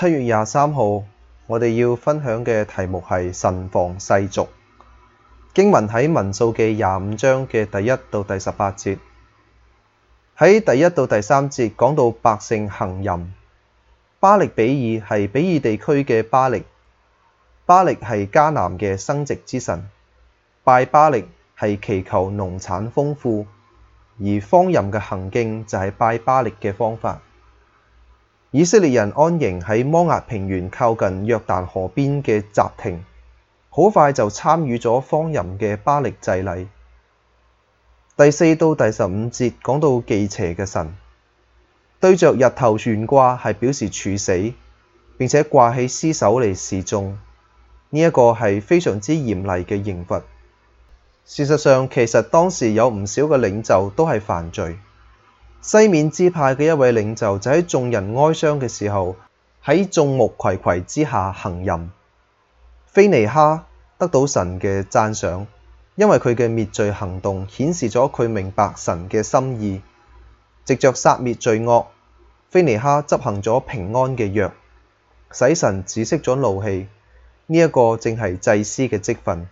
七月廿三號，我哋要分享嘅題目係慎防世俗。經文喺民數記廿五章嘅第一到第十八節，喺第一到第三節講到百姓行淫。巴力比爾係比爾地區嘅巴力，巴力係迦南嘅生殖之神，拜巴力係祈求農產豐富，而方淫嘅行徑就係拜巴力嘅方法。以色列人安營喺摩押平原靠近約旦河邊嘅什亭，好快就參與咗荒淫嘅巴力祭禮。第四到第十五節講到忌邪嘅神，對着日頭懸掛係表示處死，並且掛起屍首嚟示眾。呢、這、一個係非常之嚴厲嘅刑罰。事實上，其實當時有唔少嘅領袖都係犯罪。西面支派嘅一位領袖就喺眾人哀傷嘅時候，喺眾目睽睽之下行淫。菲尼哈得到神嘅讚賞，因為佢嘅滅罪行動顯示咗佢明白神嘅心意，藉着殺滅罪惡，菲尼哈執行咗平安嘅約，使神止息咗怒氣。呢、這、一個正係祭司嘅職分。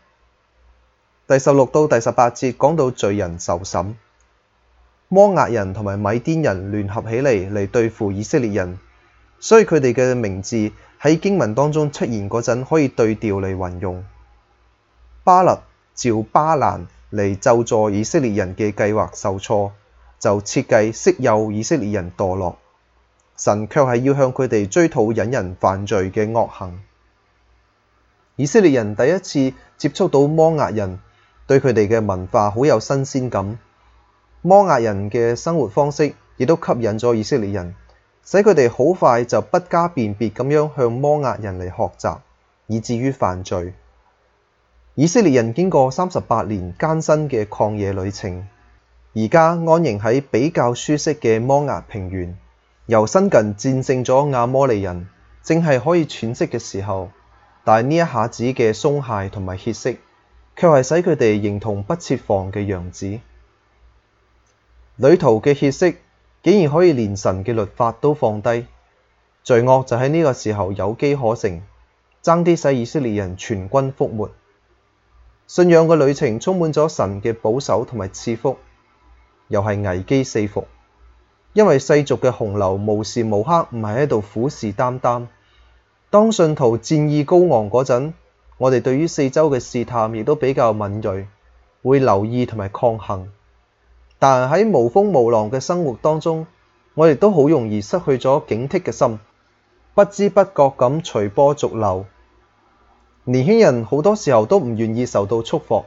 第十六到第十八節講到罪人受審。摩押人同埋米甸人聯合起嚟嚟對付以色列人，所以佢哋嘅名字喺經文當中出現嗰陣，可以對調嚟運用。巴勒召巴蘭嚟就助以色列人嘅計劃受挫，就設計色誘以色列人墮落。神卻係要向佢哋追討引人犯罪嘅惡行。以色列人第一次接觸到摩押人，對佢哋嘅文化好有新鮮感。摩押人嘅生活方式亦都吸引咗以色列人，使佢哋好快就不加辨別咁樣向摩押人嚟學習，以至於犯罪。以色列人經過三十八年艱辛嘅曠野旅程，而家安營喺比較舒適嘅摩押平原，由新近戰勝咗亞摩利人，正係可以喘息嘅時候，但係呢一下子嘅鬆懈同埋歇息，卻係使佢哋認同不設防嘅樣子。旅途嘅歇息，竟然可以連神嘅律法都放低，罪惡就喺呢個時候有機可乘，爭啲使以色列人全軍覆沒。信仰嘅旅程充滿咗神嘅保守同埋賜福，又係危機四伏，因為世俗嘅洪流無時無刻唔係喺度虎視眈眈。當信徒戰意高昂嗰陣，我哋對於四周嘅試探亦都比較敏銳，會留意同埋抗衡。但喺無風無浪嘅生活當中，我哋都好容易失去咗警惕嘅心，不知不覺咁隨波逐流。年輕人好多時候都唔願意受到束縛。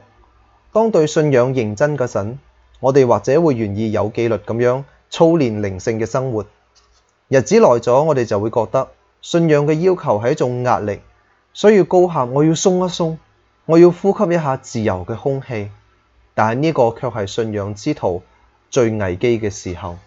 當對信仰認真嗰陣，我哋或者會願意有紀律咁樣操練靈性嘅生活。日子耐咗，我哋就會覺得信仰嘅要求係一種壓力，所以要高喊：我要鬆一鬆，我要呼吸一下自由嘅空氣。但係呢個卻係信仰之旅最危機嘅時候。